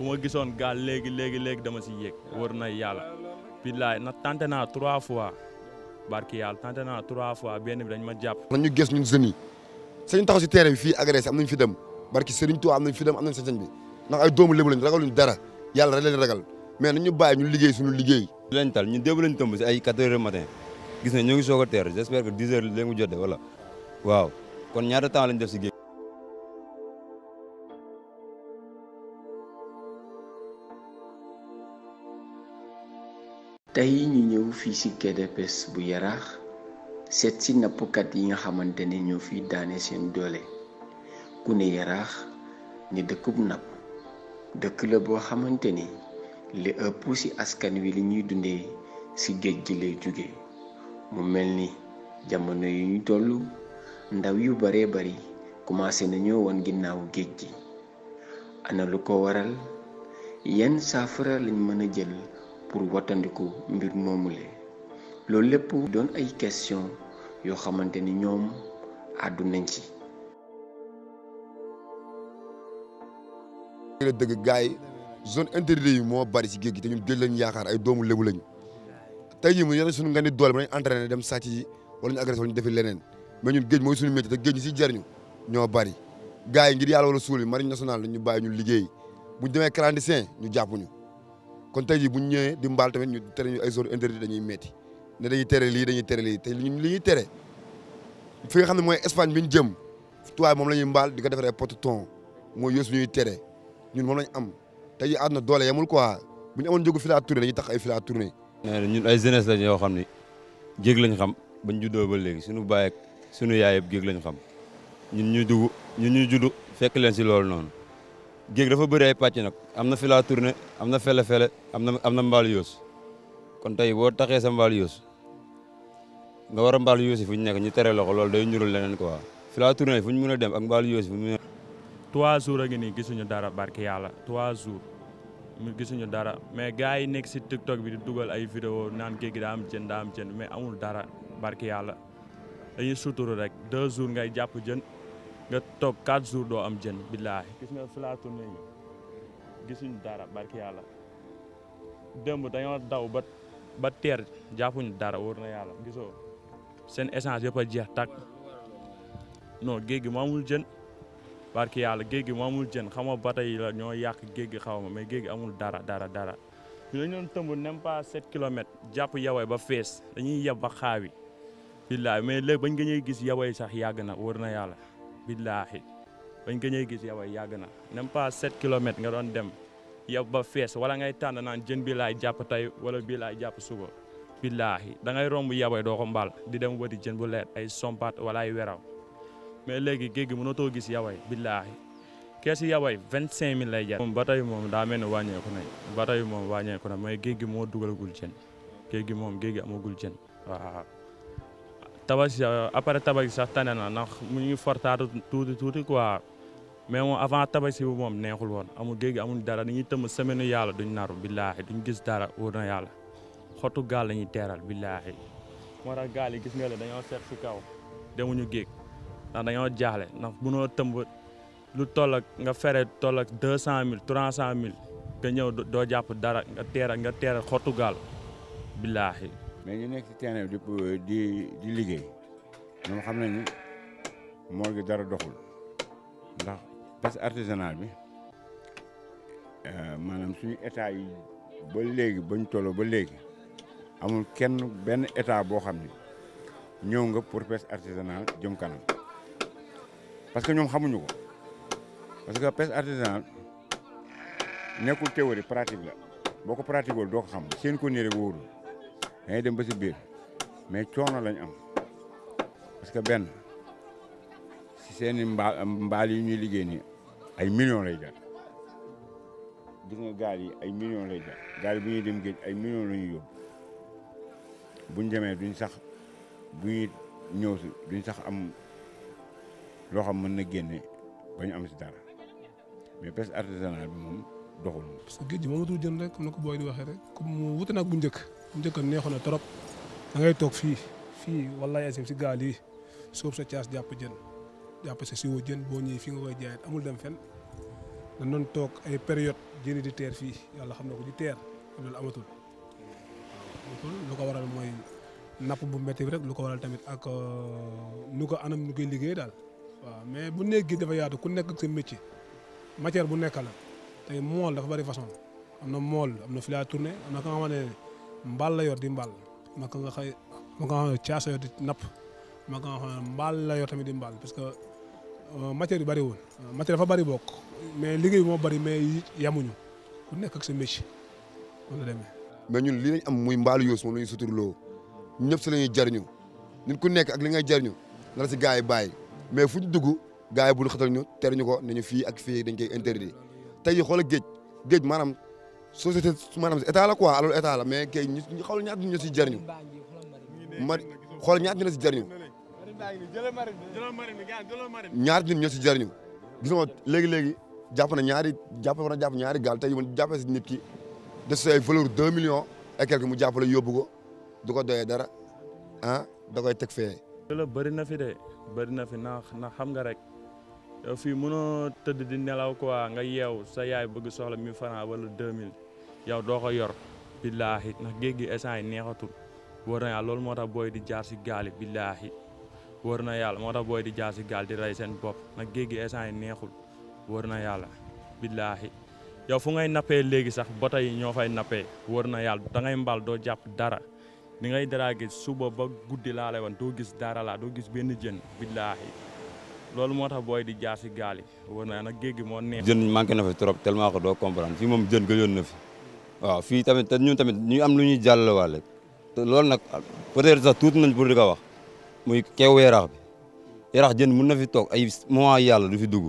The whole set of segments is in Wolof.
bu ma gisoon gaal léegi léegi léegi dama si yéeg wër na yàlla billaay na tenté naa trois fois barki yàlla tenté naa trois fois benn bi dañ ma jàpp. nañ ñu gis ñun jeunes yi sañu taxaw si terrain bi fii agressé am nañ fi dem barki Serigne Touba am nañ fi dem am nañ sañ-sañ bi ndax ay doomu lébu lañ ragaluñ dara yàlla rek leen ragal mais nañ ñu baa ñu liggéey suñu liggéey. di leen tal lañ tëmb si ay 4 heures du matin gis nañ ñoo ngi soog a teer j'espère que 10 heures léegi mu jotee wala waaw kon ñaata temps lañ def si géej tey ñu ñëw fii ci GDPES bu yaraax seet ci nappkat yi nga xamante ne ñoo fi daane seen doole ku ne yaraax dëkk bu napp dëkk la boo xamante ni li ëpp ci askan wi li ñuy dundee ci géej gi lay jóge mu mel ni jamono yu ñu toll ndaw yu baree bari commencé nañoo woon ginnaaw géej gi ana lu ko waral yenn saafara lañ mën a jël pour wattandiku mbir moomule loolu lépp doon ay question yoo xamante ni ñoom àddu nañ ci la dëgg gaay zone interdite yi moo bari si géej gi te ñun géej lañu yaakaar ay doomu lébu lañu tey jii mu yore suñu nga ni doole ba nañ entraîné dem sàcc yi wala ñu agressé wala ñu defi leneen mais ñun géej mooy suñu métier te géej ñi ci jariñu ñoo bari gaay yi ngir yàlla wala suul yi marine nationale ñu bàyyi ñu liggéey buñ demee clandestin ñu jàpp ñu kon tey jii bu ñu ñëwee di mbaal tamit ñu tere ñu ay zone interdite dañuy metti ne dañuy tere lii dañuy tere lii te li ñuy tere fi xam ne mooy Espagne bi ñu jëm tuwaay moom la ñuy mbaal di ko defaree poteton mooy yooyu ñuy tere ñun moom lañ am tey jii àdduna doole yemul quoi bu ñu amoon jógu fil à tourner tax ay fil à tourner. ñun ay jeunesse lañ yoo xam ni jéeg lañ xam bañ juddoo ba léegi suñu baay suñu yaay yëpp jéeg lañ xam ñun ñu dugg ñun ñu judd fekk leen si loolu noonu. géej dafa bëri ay pàcc nag am na fila tourné am na fele-fele am na am na mbaalu yoos kon tey boo taxee sa mbal yos nga war a mbaalu yoos yi fu ñu nekk ñu tere loxo loolu day ñurul leneen quoi fila tourné fu ñu mën a dem ak mbaalu yoos yi fu ñu trois jours a ngi nii gisuñu dara barki yàlla trois jours mu gisuñu dara mais gars yi nekk si TikTok bi di dugal ay vidéo naan géej gi daa am cen daa am mais amul dara barki yàlla dañuy suturu rek deux jours ngay jàpp jën nga toog 4 jours doo am jën billaahi gis nga fi laa tourné ñu dara barki yàlla démb dañoo daw ba ba teer jàppuñ dara wóor na yàlla gisoo seen essence ba a jeex tàkk non géej gi mu amul jën barki yàlla géej gi mu amul jën xam nga bata yi ñoo yàq géej gi xaw ma mais géej gi amul dara dara dara ñu dañu doon tëmb même pas 7 kilomètres jàpp yaway ba fees dañuy yeb ba xaawi billaahi mais léegi bañ nga ñuy gis yaway sax yàgg na wóor na yàlla billaahi bañ gëjee gis yow ay yàgg na même pas 7 kilomètres nga doon dem yow ba fees wala ngay tànn naan jën bii laay jàpp tey wala bii laay jàpp suba. billaahi da ngay romb yaboy doo ko di dem wëti jën bu leer ay sompat wala ay weraw mais léegi géej gi mënatoo gis yaboy billaahi kees yaboy vingt cinq mille lay jar. moom ba tey moom daa mel ni wàññeeku nañ ba tey moom wàññeeku na mais géej gi moo dugalagul jën géej gi moom géej gi amagul jën tabaski après tabaski sax tane na ndax mu ngi fortaatu tuuti tuuti quoi mais moom avant tabaski bi moom neexul woon amul géej gi amul dara dañuy tëmm semaine yàlla duñ naru billaahi duñ gis dara wóor na yàlla xottu gaal la ñuy teeral billaahi moo tax gaal yi gis nga la dañoo seet si kaw demuñu géeg ndax dañoo jaaxle ndax noo tëmb lu tollak nga fere tollak ak deux cent mille trois cent mille nga ñëw doo jàpp dara nga teeral nga teeral xottu gaal billaahi mais ñu nekk si terrain bi euh, di di liggéey ñoom xam nañu moo gi dara doxul ndax pêche artisanale bi euh, maanaam suñu état yi ba léegi bañ tolloo ba léegi amul kenn benn état boo xam ni ñëw nga pour pêche artisanale jëm kanam parce que ñoom xamuñu ko parce que pêche artisanale nekkul théorie pratique la boo ko pratiquewul doo ko xam seen ko nii rek dañuy dem ba si biir mais coono lañ am parce que benn si seeni i mbaal mbaal ñuy liggéey nii ay million lay jar gis gaal yi ay millions lay gaal bu ñuy dem géej ay millions buñ demee duñ sax bu ñuy ñëw sax am loo xam mën na génne ba ñu am si dara mais pêche artisanale bi moom doxul. parce que géej gi jën rek comme ni ko booy di waxee rek comme wute na bu njëkk. njëkkoon neexoon na trop da ngay toog fii fii wallaay asim si gaal yi soob sa caas jàpp jën jàpp sa siwo jën boo ñëwee fii nga koy jaayat amul dem fen da noon toog ay période jëni di teer fii yàlla xam ne ko di teer loolu amatul amatul ko waral mooy napp bu métti rek lu ko waral tamit ak euh, nu ko anam nu koy liggéey daal waaw mais bu nekk gi dafa yaatu ku nekk ak sa métier matière bu nekk la tey mool dafa bari façon am na mool am na filature tourné am na ka nga xamante ne mbaal la yor di mbaal ma ko nga xay napp ma ko nga mbaal la yor tamit di mbaal parce que euh, matière yu bëri woon euh, matière dafa bëri bokk mais liggéey moo bari mais yamuñu ku nekk ak sa métier wala ñun li am muy mbaalu yoos moom la ñu suturloo ñëpp si la ñuy jariñu nit ku nekk ak li ngay jariñu na la si gars yi bàyyi mais fu ñu dugg gars yi bul xatal ñu ter ñu ko nañu fii ak fii dañ koy interdit tey yi xoolal géej société maanaam état la quoi alors état la mais kay ñu xool ñaata ñu si jariñu ma xool ñaata ñu si jariñu ñaar nit ñoo si jariñu gis nga léegi léegi jàpp na ñaari jàpp na jàpp ñaari gaal tey man jàppee si nit ki def si ay valeur deux millions et quelque mu jàppale yóbbu ko du ko doyee dara ah da koy teg fee. loolu bëri na fi de bëri na fi na xam nga rek. yow fii mënoo tëdd di nelaw quoi nga yeew sa yaay bëgg soxla 1000 francs wala 2000 yow doo ko yor billaahi ndax géej gi instant yi neexatul wóor na yàlla loolu moo tax booy di jaar si gaal yi billaahi wóor na yàlla moo tax booy di jaar si gaal di rey seen bopp ndax géej gi instant yi neexul wóor na yàlla billaahi yow fu ngay nappee léegi sax bota yi ñoo fay nappee wóor na yàlla da ngay mbal doo jàpp dara ni ngay dragué suba ba guddi laa lay woon doo gis dara laa doo gis benn jën billaahi loolu moo tax booy di jaar si gaal yi wër na nag géej gi moo neex. jën manqué na fi trop tellement que doo comprendre fii moom jën gëjoon na fi waaw fii tamit te tamit ñu am lu ñuy jàllalewaale te loolu nag peut-être sax tuuti nañ pour di ko wax muy kew yaraax bi yaraax jën mun na fi toog ay moment yàlla du fi dugg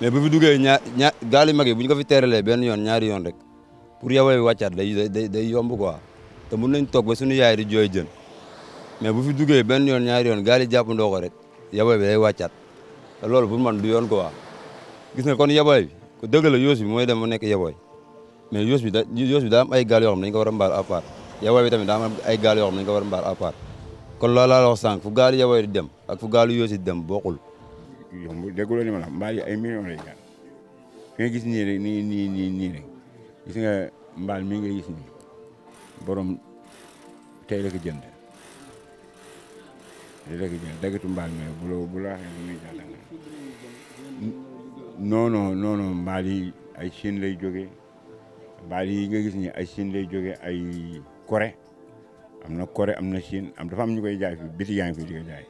mais bu fi duggee ñaar gaal yu mag yi bu ñu ko fi teeralee benn yoon ñaari yoon rek pour yow ay wàccaat day day day yomb quoi te mun nañ toog ba suñu yaay di jooy jën mais bu fi duggee benn yoon ñaari yoon gaal yi jàppandoo ko rek yow bi wàccaat. te loolu bu man du yoon quoi gis nga kon yabooy bi dëgg la yoos bi mooy dem mu nekk yabooy mais yoos bi da yoos bi daa am ay gaal yoo ko war a mbaar à part yabooy bi tamit daa am ay gaal yoo xam ne dañu ko war a mbaar à part kon loolu laa la wax sànq fu gaalu yabooy dem ak fu gaalu yoos di dem bokkul. yow dégguloo ni ma la mbaal ay millions lay jaar gis nii rek nii nii nii nii rek gis nga mbaal nga gis nii borom di dëgg jël dëggatu mbaal mais bu la bu la waxee lu muy jàll non mbaal yi ay Chine lay jógee mbaal yi nga gis ni ay Chine lay jógee ay Corée am na Corée am na Chine am dafa am ñu koy jaay fii biti yaa fi di ko jaay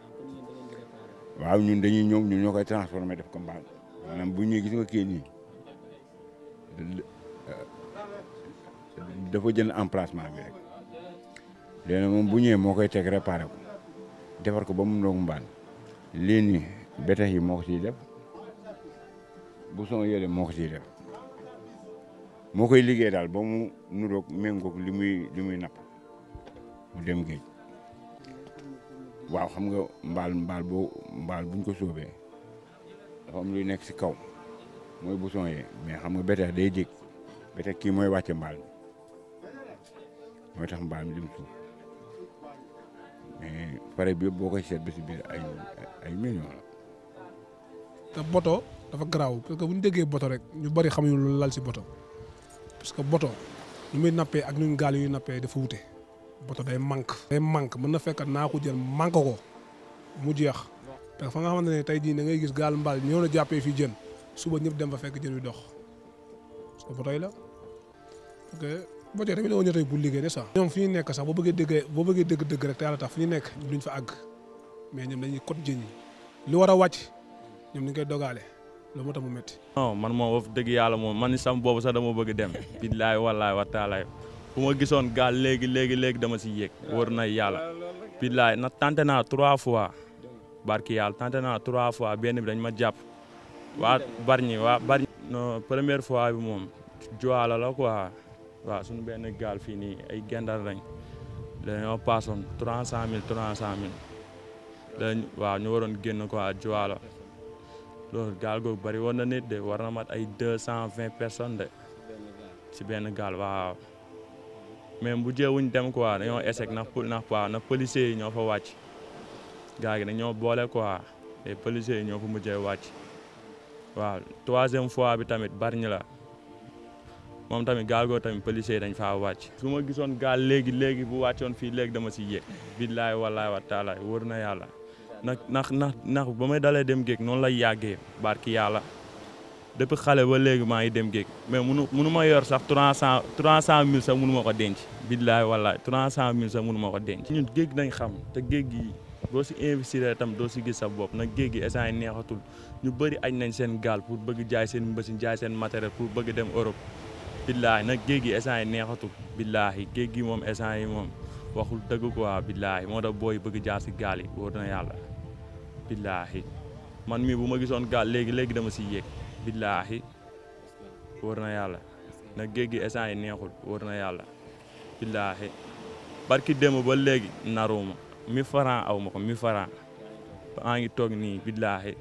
waaw ñun dañuy ñoom ñun ñoo koy transformé def ko mbaal maanaam bu ñuy gis nga kii nii dafa jënd emplacement bi rek léegi moom bu ñëwee moo koy teg réparé ko. defar ko ba mu ndoog mbaan lii nii bétax yi moo ko ciy def bu son yële moo ko ciy def moo koy liggéey daal ba mu nuroog méngoog li muy li muy napp mu dem géej waaw xam nga mbaal mbaal boo mbaal buñ ko sóobee dafa am luy nekk si kaw mooy buson yi mais xam nga bétax day dégg bétax kii mooy wàcce mbaal mooy tax mbaal mi dem suuf appareil bi boo koy seet ba si biir ay ay millions la. te boto dafa garaaw parce que bu ñu déggee boto rek ñu bari xam lu lal si boto parce que boto nu muy nappee ak ñu gaal yu nappee dafa wute boto day manque day manque mën na fekk naa ko jël manque ko mu jeex te fa nga xamante ne tey jii da ngay gis gaal mbaal ñëw na jàppee fii jën suba ñëpp dem fa fekk jël yu dox parce que boto yi la. boo jotee tamit doo ñëw tey bu liggéey sax. ñoom fi ñu nekk sax boo bëggee dëgg boo bëggee dëgg dëgg rek te yàlla tax fu ñu nekk duñ fa àgg mais ñoom dañuy cot jën yi lu war a wàcc ñoom dañ koy dogaale loolu moo tax mu métti. non man moom wax dëgg yàlla moom man sam boobu sax dama bëgg dem. billaay wallaay wa taalaay bu ma gisoon gaal léegi léegi léegi dama si yéeg wóor na yàlla billaay na tenté naa trois fois barki yàlla tenté naa trois fois benn bi dañ ma jàpp waa barñi waa barñi non première fois bi moom joala la quoi waaw suñu benn gaal fii nii ay gendal lañ dañoo paasoon trois cent mille trois cent mille waaw ñu waroon génn quoi Joal loolu gaal googu bari woon na nit de war na mat ay deux cent vingt personne de si benn gaal waaw mais bu jéewuñ dem quoi dañoo échec ndax pol ndax quoi ndax ñoo fa wàcc gaal gi dañoo boole quoi et policiers yi ñoo fa mujjee wàcc waaw troisième fois bi tamit bari ñu la moom tamit gaal goo tamit policier dañ faa wàcc su ma gisoon gaal léegi léegi bu wàccoon fii léegi dama si yéeg billaay wallaay wa taala na yàlla ndax ndax ndax ndax ba may dalee dem géej noonu lay yàggee barki yàlla depuis xale ba léegi maa ngi dem géej mais munu munu ma yor sax trois cent trois cent mille sax munu ma ko denc billaay wallaay trois cent mille munu ma ko denc ñun géej nañ xam te géej gi boo si investir tam doo si gis sa bopp nag géej gi essence neexatul ñu bëri añ nañ seen gaal pour bëgg jaay seen mbësin jaay seen matériel pour bëgg dem Europe billaahi nag géej gi instant yi neexatul billaahi géej gi moom instant yi moom waxul dëgg quoi billaahi moo tax booy bëgg jaar si gaal yi wóor na yàlla billaahi man mii bu ma gisoon gaal léegi léegi dama si yéeg billaahi wóor na yàlla nag géej gi instant yi neexul wóor na yàlla billaahi barki démb ba léegi naruma mi faran aw ma ko mi ngi toog nii billaahi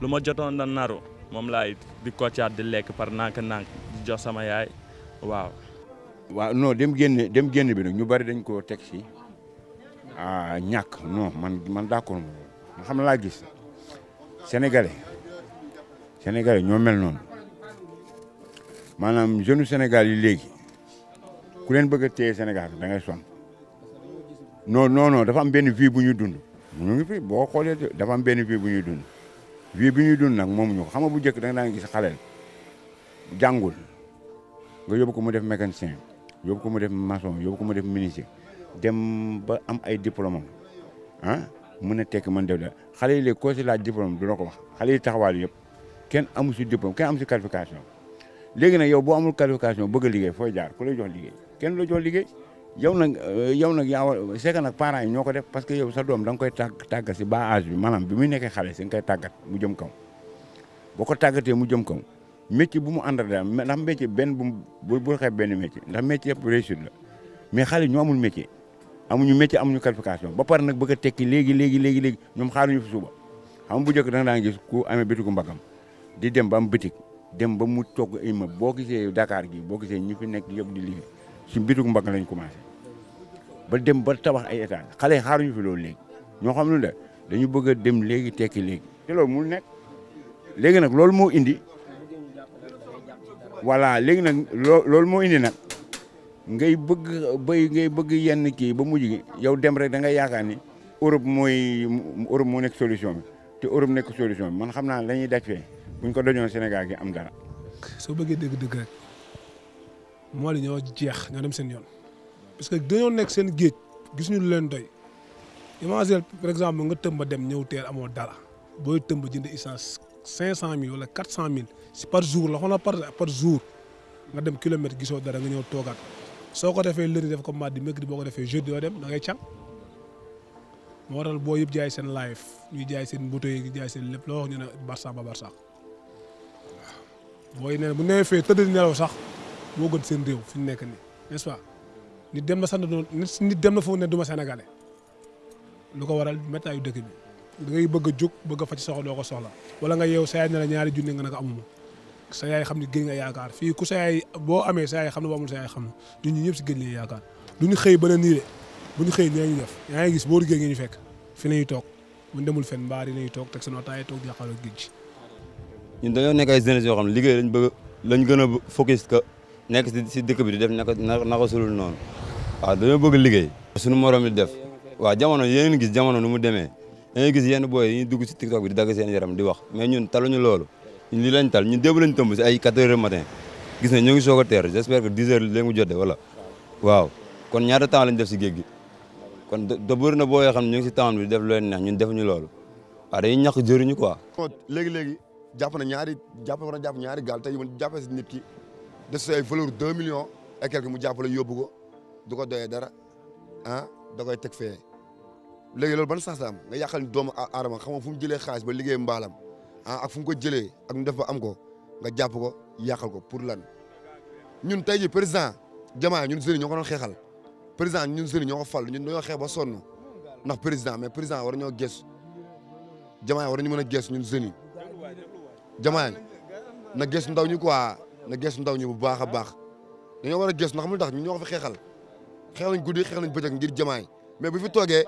lu ma jotoon da naru moom laay di koccaat di waaw. waaw non dem génn dem génn bi nag ñu bari dañ koo teg si ah ñàkk non man man d'accord ma xam laa gis sénégalais sénégalais ñoo mel noonu maanaam jeune Sénégal yi léegi ku leen bëgg a téye Sénégal da ngay sonn non dafa am benn vie bu ñu dund. ñu ngi fi boo xoolee dafa am benn vie bu ñuy dund vie bi ñuy dund nag moom ñu ko bu njëkk da nga gis xaleel jàngul. nga yóbbu ko mu def mécanicien yóbbu ko mu def maçon yóbbu ko mu def menuisier dem ba am ay diplôme ah mën a tekk man def da xale yi léegi koo si laaj diplôme du la ko wax xale yi taxawaal yëpp kenn amu si diplôme kenn amu si qualification léegi nag yow boo amul qualification bëgg a liggéey fooy jaar ku lay jox liggéey kenn la jox liggéey yow nag euh, yow nag yaa war c'est que ñoo ko def parce que yow sa doom da nga koy tàgg tàggat si bas âge bi maanaam bi muy nekkee xale si nga koy tàggat mu jëm kaw boo ko tàggatee mu jëm kaw métier bu mu àndal daal ndax métier benn bu bu bu xeeb benn métier ndax métier yëpp réussite la mais xale ñu amul métier amuñu métier amuñu qualification ba pare nag bëgg a tekki léegi léegi léegi léegi ñoom xaaruñu fi suba xam nga bu njëkk da nga daan gis ku amee bitigu mbagam di dem ba am bitig dem ba mu togg immeuble boo gisee Dakar gi boo gisee ñi fi nekk yëpp di liggéey ci bitigu mbagam lañ commencé ba dem ba tabax ay étage xale yi fi loolu léegi ñoo xam lu de dañu bëgg a dem léegi tekki léegi te loolu mu nekk léegi nag loolu moo indi voilà léegi nag loo loolu moo indi nag ngay bëgg bay ngay bëgg yenn kii ba mujj gi yow dem rek da nga yaakaar ni Europe mooy Europe moo nekk solution bi te Europe nekk solution bi man xam naa la ñuy daj fee buñ ko dojoon Sénégal gi am dara. soo bëggee dégg dëgg rek moo li ñoo jeex ñoo dem seen yoon parce que dañoo nekk seen géej gis ñu lu leen doy imagine par exemple nga tëmba dem ñëw teel amoon dara booy tëmba jënd essence cinq cent mille wala quatre cent mille si par jour la xoolal par par jour nga dem kilomètre gisoo dara nga ñëw toogaat soo ko defee lundi def ko mardi mercredi boo ko defee jeudi doo dem da ngay càng moo waral boo yëpp jaay seen live ñuy jaay seen moto yi ñuy jaay seen lépp loo wax ñu ne Barça ba Barça waaw booy nee bu newee fee tëdd nelaw sax moo gën seen réew fi ñu nekk nii n'est-ce pas nit dem na sant nit dem na foofu ne du ma sénégalais lu ko waral métti yu dëkk bi. ngay bëgg a jóg bëgg a faj soxla doo ko soxla wala nga yeew sa yaay ne ñaari junne nga ne ko sa yaay xam ne géej nga yaakaar fii ku sa yaay boo amee sa yaay xam ne boo amul sa yaay xam ne si géej lañuy yaakaar du ñu xëy ba na nii ñu xëy nee ñu def yaa ngi gis boo duggee ñu fekk fi lañuy toog bu ñu demul fenn mbaar yi lañuy toog teg seen ataaya toog jàkkaarloo ñun dañoo nekk yoo xam ne liggéey lañ bëgg lañ gën a focus que nekk si si dëkk bi di def naka naka sulul noonu waaw dañoo bëgg liggéey suñu morom yi def waaw jamono yeneen gis jamono nu mu demee dangay gis yenn booy yi ñu dugg si tiktok bi di dagg seen yaram di wax mais ñun taluñu loolu li lañ tal ñun démb lañ tëmb si ay 4 heures matin gis nañ ñoo ngi soog a teer j'espère que 10 heures léegi mu jotee wala waaw kon ñaata temps lañ def si géej gi kon da bëri na booy yoo xam ne ñu ngi si temps bi di def lu leen neex ñun defuñu loolu waaw dañuy ñàkk jëriñu quoi léegi-léegi jàpp na ñaari jàpp war na jàpp ñaari gaal tey man jàppee si nit ki de si ay valeur deux millions et quelque mu jàppale yóbbu ko du ko doyee dara ah da koy teg fee léegi loolu ban sens la am nga yàqal doomu aadama xam nga fu mu jëlee xaalis ba liggéey mbaalam ah ak fu mu ko jëlee ak ñu def ba am ko nga jàpp ko yàqal ko pour lan ñun tey ji président jamaa ñun sëriñ ñoo ko doon xeexal président ñun sëriñ ñoo ko fal ñun dañoo xeex ba sonn ndax président mais président war ñoo gës jamaa war ñu mën a gës ñun sëriñ jamaa na gës ndaw ñi quoi na gës ndaw ñi bu baax a baax dañoo war a gës ndax mu tax ñun ñoo ko fi xeexal xeex nañ guddi xeex nañ bëccëg ngir jamaay mais bu fi toogee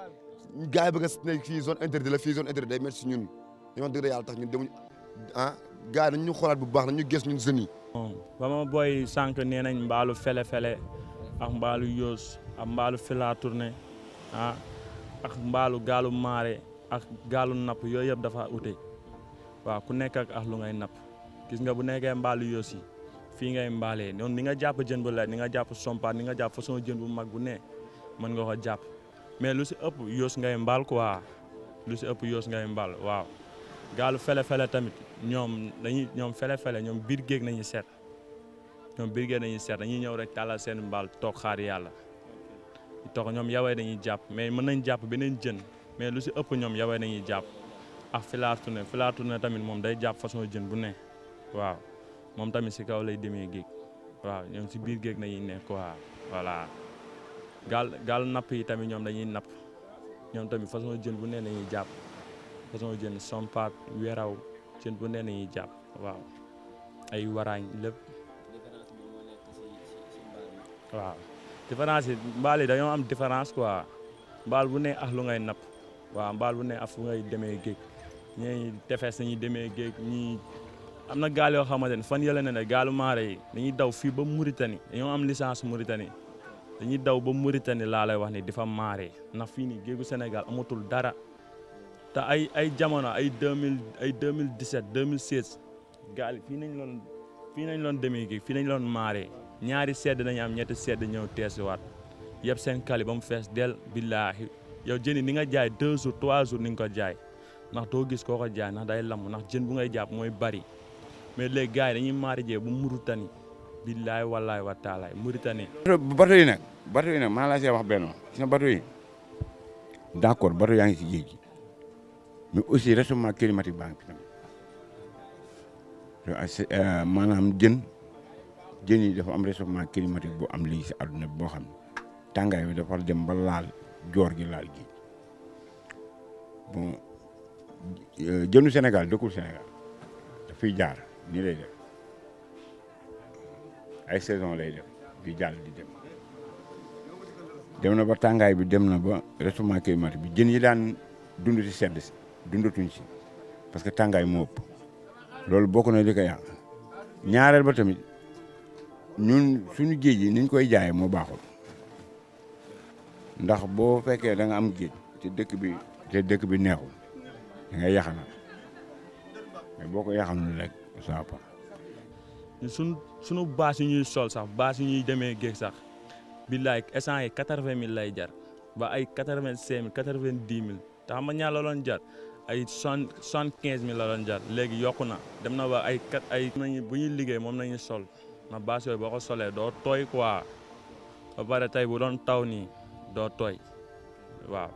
gars yi bëgg ne fii zone interdite la fii zone interdite day métti si ñun ñu wax dëgg yàlla tax ñun demuñu ah gars yi nañ ñu xoolaat bu baax nañ ñu gis ñun jeunes yi. ba ma booy sànq nee nañ mbaalu fele-fele ak mbaalu yoos ak mbaalu fila tourné ah ak mbaalu gaalu maare ak gaalu napp yooyu yëpp dafa ute waa ku nekk ak lu ngay napp gis nga bu nekkee mbaalu yoos yi fii ngay mbaalee noonu ni nga jàpp jën bu lay ni nga jàpp sompa ni nga jàpp façon jën bu mag bu ne mën nga ko jàpp. mais lu si ëpp yoos ngay mbaal quoi lu si ëpp yoos ngay mbaal waaw gaalu fele-fele tamit ñoom dañuy ñoom fele-fele ñoom biir géeg nañu seet ñoom biir géeg nañu seet dañuy ñëw rek tàllal seen mbaal toog xaar yàlla toog ñoom yawee dañuy jàpp mais mën nañ jàpp beneen jën mais lu si ëpp ñoom yawee dañuy jàpp ak ah, filaatu ne filaatu ne tamit moom day jàpp façon jën bu ne waaw moom tamit si kaw lay demee géej waaw ñoom si biir géej nañuy ne quoi voilà gaal gaal napp yi tamit ñoom dañuy napp ñoom tamit façon jën bu nee nañuy jàpp façon jën sompat weraw jën bu nee nañuy jàpp waaw ay waraañ lépp waaw différence yi mbaal yi dañoo am différence quoi mbaal bu ne ax lu ngay napp waaw mbaal bu ne af lu ngay demee géej ñii tefes nañuy demee géej ñii am na gaal yoo xamante ne fan yële na ne gaalu maare yi dañuy daw fii ba Mauritanie dañoo am licence Mauritanie dañuy daw ba Mauritanie laa lay wax ni difa fa maaree ndax fii nii géegu Sénégal amatul dara te ay ay jamono ay deux mille ay deux mille dix sept deux mille seize gaal fii nañu loon fii nañ loon demee géej fii nañ loon maaree ñaari sedd nañu am ñetti sedd ñëw teesiwaat yëpp seen kali ba mu fees del billaahi yow jëni ni nga jaay deux jours trois jours ni nga ko jaay ndax doo gis koo ko jaay ndax day lamb ndax jën bu ngay jàpp mooy bari mais léegi gars yi dañuy maari jee bu Mauritanie billaay wallaay wa taalaay Mauritanie. bato yi nag bato yi nag maa laa see wax benn gis nga bato yi d' accord bato yaa ngi si géej gi mais aussi réchauffement climatique baa ngi fi tamit euh, euh, maanaam jën jën yi dafa am réchauffement climatique bu am léegi si àdduna bi boo xam ne tàngaay bi dafa dem ba laal joor gi laal géej bon euh, jënu Sénégal dëkkul Sénégal dafay jaar nii lay def. ay saison lay dem di jàll di dem dem na ba tàngaay bi dem na ba réchauffement climatique bi jën yi daan dund ci sedd si dundatuñ ci parce que tàngaay moo ëpp loolu bokk na li ko yàq ñaareel ba tamit ñun suñu géej yi niñ koy jaayee moo baaxul ndax boo fekkee da am géej te dëkk bi te dëkk bi neexul da ngay yaxanal mais boo ko yaxanul rek ça suñ suñu baas yu ñuy sol sax baas yu ñuy demee géej sax billaay essence yi quatre-vingt mille lay jar ba ay quatre-vingt-cinq mille quatre-vingt-dix mille te xam nga ñaar la doon jar ay soixante soixante-quinze mille la jar léegi yokku na dem na ba ay kat ay. nañu bu ñuy liggéey moom nañu sol na baas yooyu boo ko solee doo tooy quoi ba pare tey bu doon taw nii doo tooy waaw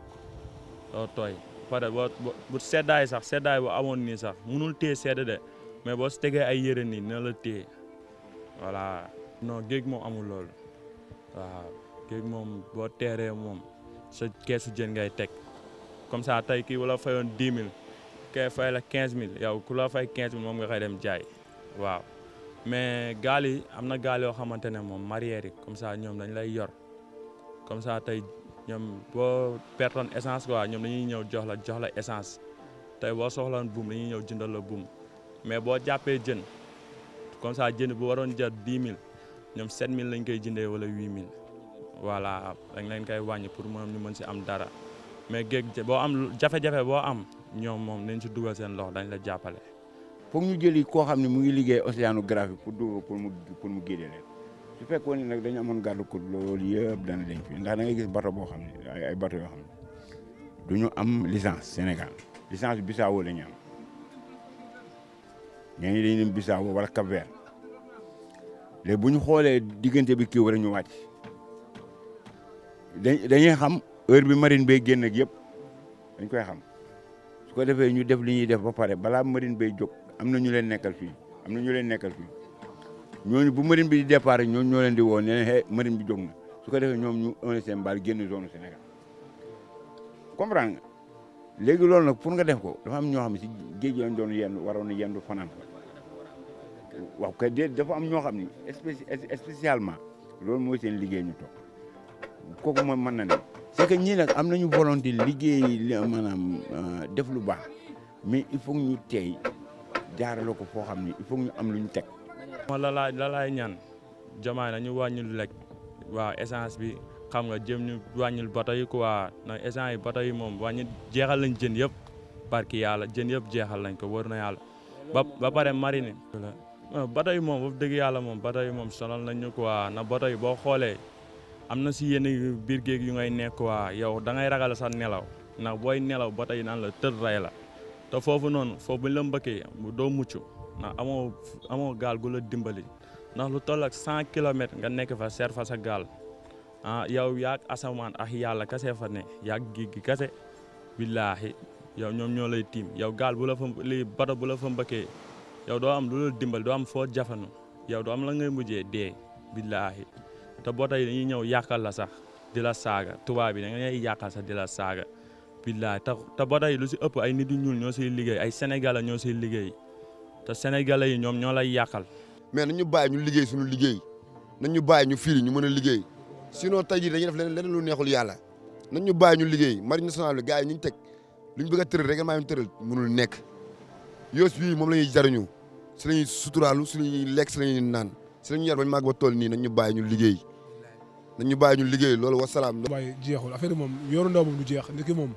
doo tooy boo bu seddaay sax seddaay bu amoon nii sax munul téye sedd de mais boo tegee ay yére nii dina la téye. voilà non géej moom amul loolu waaw géej moom boo teeree moom sa keesu jën ngay teg comme ça tey kii wala fayoon dix mille kee fay la quinze mille yow ku loo fay quinze mille moom nga koy dem jaay waaw mais gaal yi am na gaal yoo xamante ne moom mareyeur yi comme ça ñoom dañ lay yor comme ça tey ñoom boo pertoon essance quoi ñoom dañuy ñëw jox la jox la essence tey boo soxlaan buum dañuy ñëw jindal la buum mais boo jàppee jën comme ça jënd bu waroon ja dix mille ñoom sept mille lañ koy jëndee wala huit mille voilà dañ leen koy wàññi pour moom ñu mën si am dara mais géej boo am jafe-jafe boo am ñoom moom nañ si dugal seen loxo dañ la jàppale. foog ñu jëli koo xam ne mu ngi liggéey océanographie pour dugal pour mu pour mu génne leen su fekkoon ne nag dañu amoon gàllankoor loolu yëpp dana leen fi ndax na ngay gis bato boo xam ne ay bato yoo xam ne du ñu am licence Sénégal licence Bissau la ñu ñooñu dañuy dem Bissau wala Cap Vert léegi bu ñu xoolee diggante bi kii war a ñu wàcc dañuy xam heure bi marine bay génn ak dañ koy xam su ko defee ñu def li ñuy def ba pare balaa marine bay jóg am na ñu leen nekkal fii am na ñu leen nekkal fii ñooñu bu marine bi di départ ñooñu ñoo leen di woo ne leen bi jóg na su ko defee ñoom ñu un seen baal génn zone Sénégal comprendre nga léegi loolu nag pour nga def ko dafa am ñoo xam ne si géej lañ doon yenn waroon yendu fanaan waaw ko déet dafa am ñoo xam ni spécialement loolu mooy seen liggéey ñu toog kooku moom mën na ne c'est que ñii nag am nañu volonté liggéey maanaam euh, def lu ba mais il faut ñu teey jaarale ko foo xam ni il ñu am lu ñu teg. la laay ñaan jamaay na ñu wàññi lekk waaw essence bi. xam nga jëm ñu wàññil bato yi quoi na instant yi bato yi moom wàññi jeexal lañ jën yëpp barki yàlla jën yëpp jeexal lañ ko wër na yàlla ba ba pare marine euh, bato yi moom dëgg yàlla moom bato yi moom sonal nañ ñu quoi na bato yi boo xoolee am na si yenn biir yu ngay nekk quoi yow da ngay ragal sax nelaw ndax booy nelaw bato yi naan la tëdd ray la te foofu noonu foofu bu ñu la mbëkkee doo mucc ndax amoo amoo gaal dimbali ndax lu toll ak nga nekk fa seer fa sa ah yow yaag asamaan ak yàlla kase fa ne yaag géej gi kase billaahi yow ñoom ñoo lay tiim yow gaal bu la fa lii bato bu la fa mbëkkee yow doo am lu la dimbal doo am foo jafanu yow doo am la ngay mujjee dee billaahi te boo tey dañuy ñëw yàqal la sax di la saaga tubaab bi da nga ñuy yàqal sax di saaga billaahi te te boo tey lu si ëpp ay nit yu ñuul ñoo siy liggéey ay sénégalais ñoo siy liggéey te senegal yi ñoom ñoo lay yàqal. mais nañu bàyyi ñu liggéey suñu liggéey nañu bàyyi ñu firi ñu mën a liggéey. sinon tey jii dañuy def leneen leneen lu neexul yàlla nañ ñu bàyyi ñu liggéey marine nationale bi gars yi ñu teg lu ñu bëgg a tëral rek maa ñu tëral mënul nekk yoos bii moom la ñuy jariñu si la ñuy suturaalu si la ñuy lekk si la ñuy naan si la ñuy yar bañ màgg ba toll nii nañ ñu bàyyi ñu liggéey nañ ñu bàyyi ñu liggéey loolu wasalaam. waaye jeexul affaire bi moom yoonu ndaw moom du jeex nit ki moom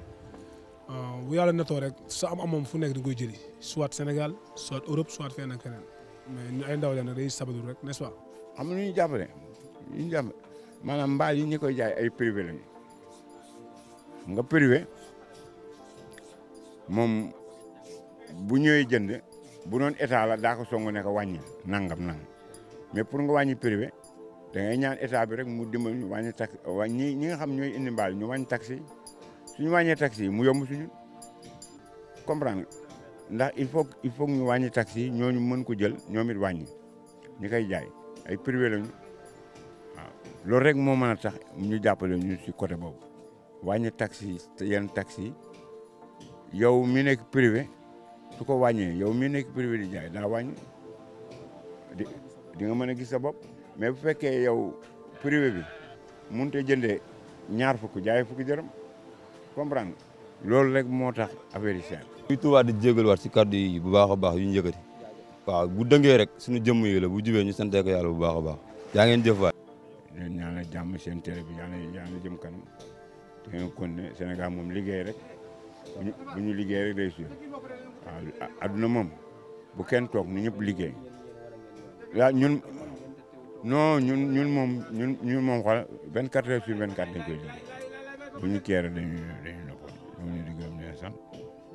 ah, bu yàlla natoo rek sa am moom fu nekk di koy jëli soit Sénégal soit Europe soit feneen ak feneen mais ñu ay ndaw leen rek day sabadu rek n'est-ce am na ñu jàpp maanaam mbaal yi ñi koy jaay ay privé lañu nga privé moom bu ñëwee jënd bu doon état la daa ko song ne ko wàññi nangam nang mais pour nga wàññi privé da ngay ñaan état bi rek mu dimbali ñu wàññi tax wàññi ñi nga xam ñooy indi mbaal ñu wàññi taxi yi suñu wàññee taxi yi mu yomb suñu comprendre ndax il faut il faut ñu wàññi taxi yi ñooñu mën ko jël ñoom it wàññi ñi koy jaay ay privé lañu loolu rek moo mën a tax ñu jàppale ñu si côté boobu wàññi taxi yenn taxi yow mi nekk privé su ko wàññee yow mi nekk privé di jaay daa wàññi di di nga mën a gis sa bopp mais bu fekkee yow privé bi mënut a jëndee ñaar fukk jaay fukki dërëm comprendre loolu rek moo tax affaire yi seer. muy tubaab di jégaluwaat si kàddu yi bu baax a baax yu ñu yëkkati waaw bu dëngee rek suñu jëm yi la bu jubee ñu santee ko yàlla bu baax baax yaa ngeen jëf waay leen ñaanal jàmm seen télé bi yàlla yàlla jëm kanam te ngeen kon ne moom liggéey rek bu ñu liggéey rek réussir waaw adduna moom bu kenn toog nu ñëpp liggéey waaw ñun non ñun ñun moom ñun ñun moom xool 24 heures sur 24 dañ koy liggéey bu ñu keere dañuy dañuy noppal ñoo ngi leen di gërëm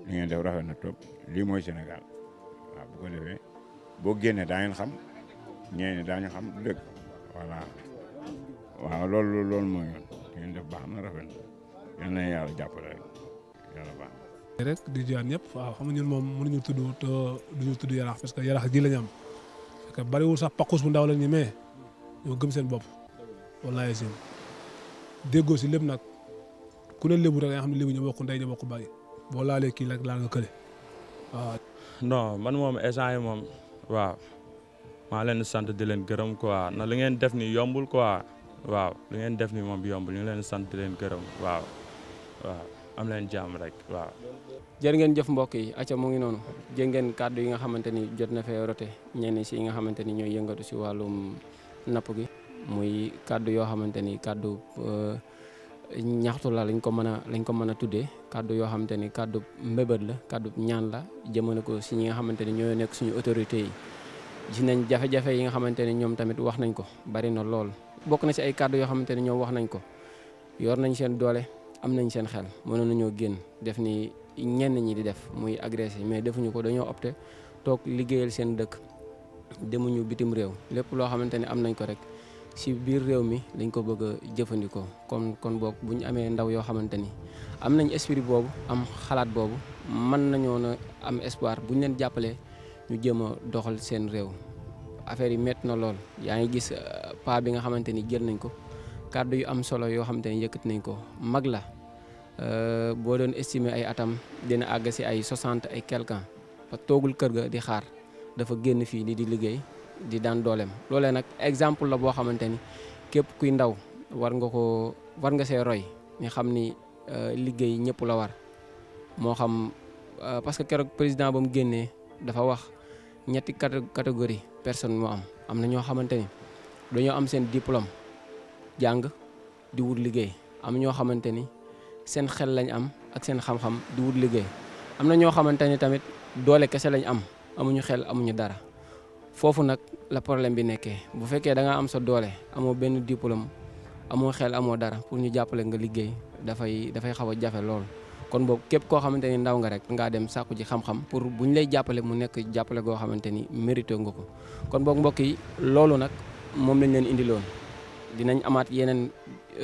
di ngeen def rafet na trop lii mooy Sénégal waaw defee boo génnee daa ngeen xam ñeene daañu xam du voilà waaw loolu loolu mooy yoon ngeen def baax na rafet na yàlla jàppale rek yàlla rek di jaan ñëpp waaw xam ñun moom mënuñu tudd te duñu du yaraax parce que yaraax ji la ñu am parce que bariwul sax pakkuus bu ndaw la ñu mais ñoo gëm seen bopp wallaahi si lépp nag ku lébu rek xam ne lébu ñu bokk ndey ñu bokk bàyyi boo laalee kii rek laal nga kële waaw. non man moom agent yi moom waaw maa leen sant di leen gërëm quoi na li ngeen def ni yombul quoi. waaw lu ngeen def ni moom yomb ñu leen sant leen gërëm waaw waaw am leen jàmm rek waaw. jër ngeen jëf mbokk yi acca mu ngi noonu jëngeen ngeen kàddu yi nga xamante ni jot na fee rote ñenn si yi nga xamante ni ñooy yëngatu si wàllum napp gi. muy kàddu yoo xamante ni kàddu euh, ñaxtu la lañ ko mën a lañ ko mën a tuddee kàddu yoo xamante ni kàddu mbébét la kàddu ñaan la jëmale ko si ñi nga xamante ni ñoo nekk suñu autorité yi. gis nañ jafe-jafe yi nga xamante ne ñoom tamit wax nañ ko bari na lool bokk na si ay kàddu yoo xamante ne ñoom wax nañ ko yor nañ seen doole am nañ seen xel mënoon nañoo génn def nii ñenn ñi di def muy agressé mais defuñu ko dañoo opté toog liggéeyal seen dëkk demuñu bitim réew lépp loo xamante ne am nañ ko rek si biir réew mi lañ ko bëgg jëfandikoo kon kon boog bu ñu amee ndaw yoo xamante ni am nañ esprit boobu am xalaat boobu mën nañoo na am espoir bu ñu leen jàppalee. ñu jëm doxal seen réew affaire yi métti na lool yaa ngi gis euh, pas bi nga xamante ni jël nañ ko kàddu yu am solo yoo xamante ni yëkkat nañ ko mag la euh, boo doon estimer ay atam dina àgg si ay soixante ay quelque ans parce que toogul kër ga di xaar dafa génn fii di di liggéey di daan dooleem loolee nag exemple la boo xamante ni képp kuy ndaw war nga ko war nga see roy ñu xam ni euh, liggéey ñëpp la war moo xam parce keroog président ba mu génnee dafa wax ñetti catégorie personne moo am am na ñoo xamante ni dañoo am seen diplôme jàng di wut liggéey am ñoo xamante ni seen xel lañ am ak seen xam-xam di wut liggéey am na ñoo xamante ni tamit doole kese lañ am amuñu xel amuñu dara foofu nag la problème bi nekkee bu fekkee da nga am sa doole amoo benn diplôme amoo xel amoo dara pour ñu jàppale nga liggéey dafay dafay xaw a jafe loolu kon boobu képp koo xamante ni ndaw nga rek ngaa dem sàkku ji xam-xam pour bu ñu lay jàppale mu nekk jàppale goo xamante ni mérité nga ko kon book mbokk yi loolu nag moom lañ leen indiloon dinañ amaat yeneen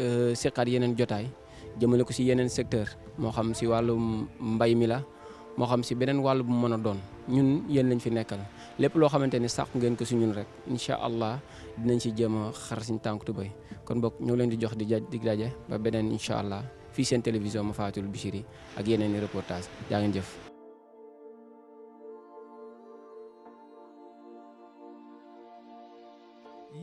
euh, siqaat yeneen jotaay jëmale ko si yeneen secteur moo xam si wàllum mbay mi la moo xam si beneen wàll bu mën a doon ñun yéen lañ fi nekkal lépp loo xamante ni sàkku ngeen ko si ñun rek incha allah dinañ si jéem a xar siñ tànk tubéy kon boog ñoo leen di jox di ja ba beneen incha allah. fii seen télévision ma faatul Bichri ak yeneen i reportage jaa ngeen jëf